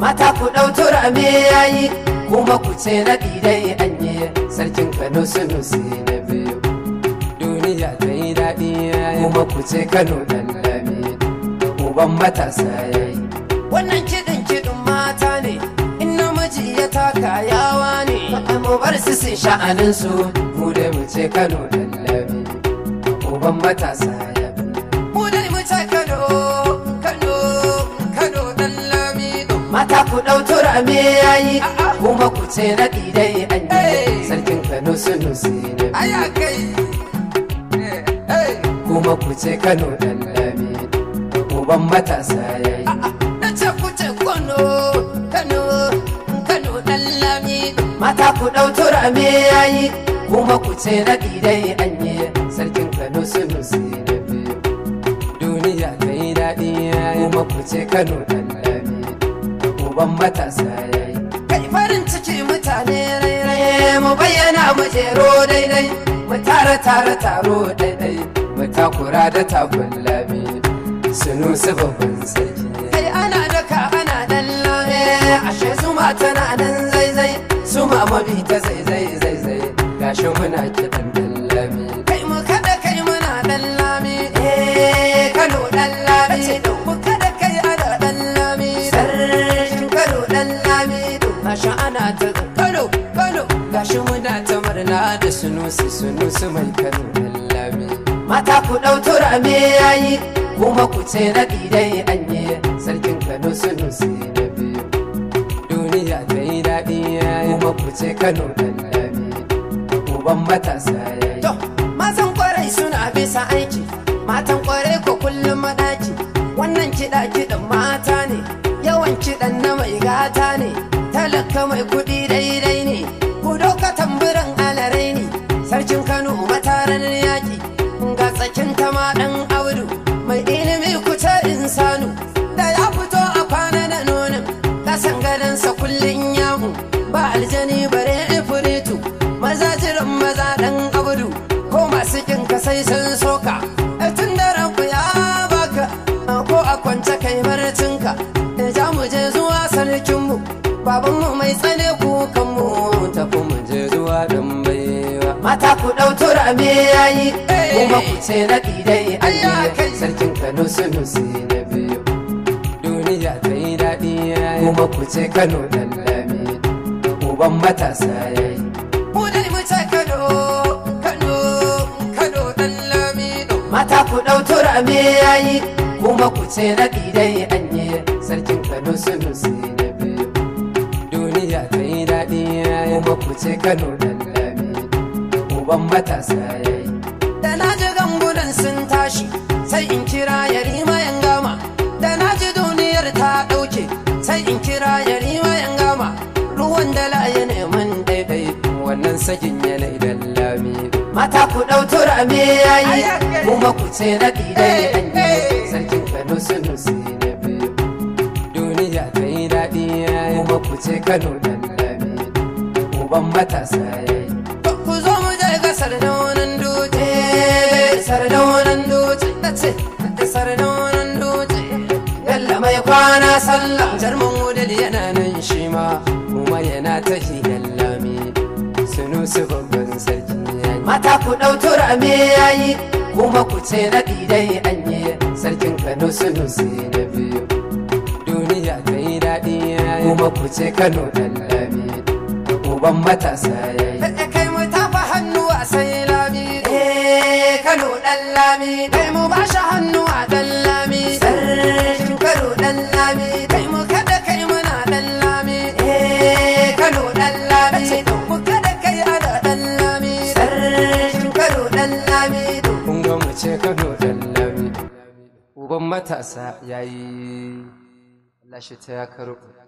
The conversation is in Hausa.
mata ku ɗau turame yayi kuma ku ce na dai anye sarkin kano sunu na biyu duniya ta yi daɗi yayi kuma ku ce kano ɗan lami uban matasa ya su sun sha'anin su mu da mu ce Kano lallabi uban matasa ya bi mu da mu ce Kano Kano Kano lallabi mata ku turami ya yayi kuma ku ce na dai an yi eh. sarkin Kano sunu sai aya kai eh, eh. kuma ku ce Kano lallabi uban matasa ya yi. na ce ku ce Kano ku ɗau turame yayi kuma ku ce na didai anye sarkin Kano sai na biyu duniya ta yi daɗi kuma ku ce Kano ɗan lami uban matasa yi. kai farin ciki mutane rairaye mu bayyana mu jero daidai mu tara tara taro daidai mu takura da takun lami sunu babban sarki kai ana daka ana ɗan lami ashe zuma tana nan mabi ta zai zai zai zai gashi muna kiɗan dallami kai mu kada kai muna dallami eh kano dallami don mu kada kai ana dallami sarkin kano dallami don masha ana ta kano kano gashi muna ta murna da sunusi sunusi mai kano dallami mata ku ɗau turame yayi kuma ku ce na ɗidai anye ce Kano Dallabi uban matasa yayi. To matan kwarai suna bisa aiki matan kwarai ko kullum madaki wannan kiɗa kiɗan mata ne yawan kiɗan na mai gata ne talaka mai kuɗi daidai ne ku doka tamburan alarai ne sarkin Kano mataran yaƙi ga tsakin tama ɗan audu mai ilimi kuta insanu. isa kai barcinka ja eh, mu je zuwa sarkinmu babanmu mai tsane kukanmu tafi mu je zuwa don baiwa mata ku ɗau turame yayi eh. kuma ku ce na ɗidai aliyu sarkin kano sunusi na biyu duniya ta yi daɗi yayi kuma ku ce kano lallami uban matasa yayi ku dai mu ce kano Kano, Kano mata ku ɗau turame yayi kuma ku ce raɗi dai anye sarkin kano sun da biyu duniya ta yi daɗi kuma ku ce kano dallami uban matasa ya yi da na ji gangunan sun tashi sai in kira yari mayan gama da na ji duniyar ta ɗauke sai in kira yari mayan gama ruwan da la'ayi neman daidai wannan sakin yanayi lallami. mata ku ɗau ya yi, kuma ku ce raɗi dai eh, anye eh. sunu sai da bebo duniya ta yi daɗi kuma ku ce kano da labi uban matasa ya yi ku zo mu je ga sardaunan dutse sardaunan dutse na ce da sardaunan dutse galla mai kwana sallah jarman wudil yana nan shi ma kuma yana ta hidan lami sunu su babban sarki mata ku ɗau turame yi. kuma ku ce na naɗi an yi sarkin kano sunu na biyu duniya ta yi daɗi kuma ku ce kano dan lami uban matasa ya yi kai mu tafa hannu a sai lami eh kano dan lami kai mu ba shi hannu a dan Kano Jallabi uban matasa yayi Allah shi ta ya karo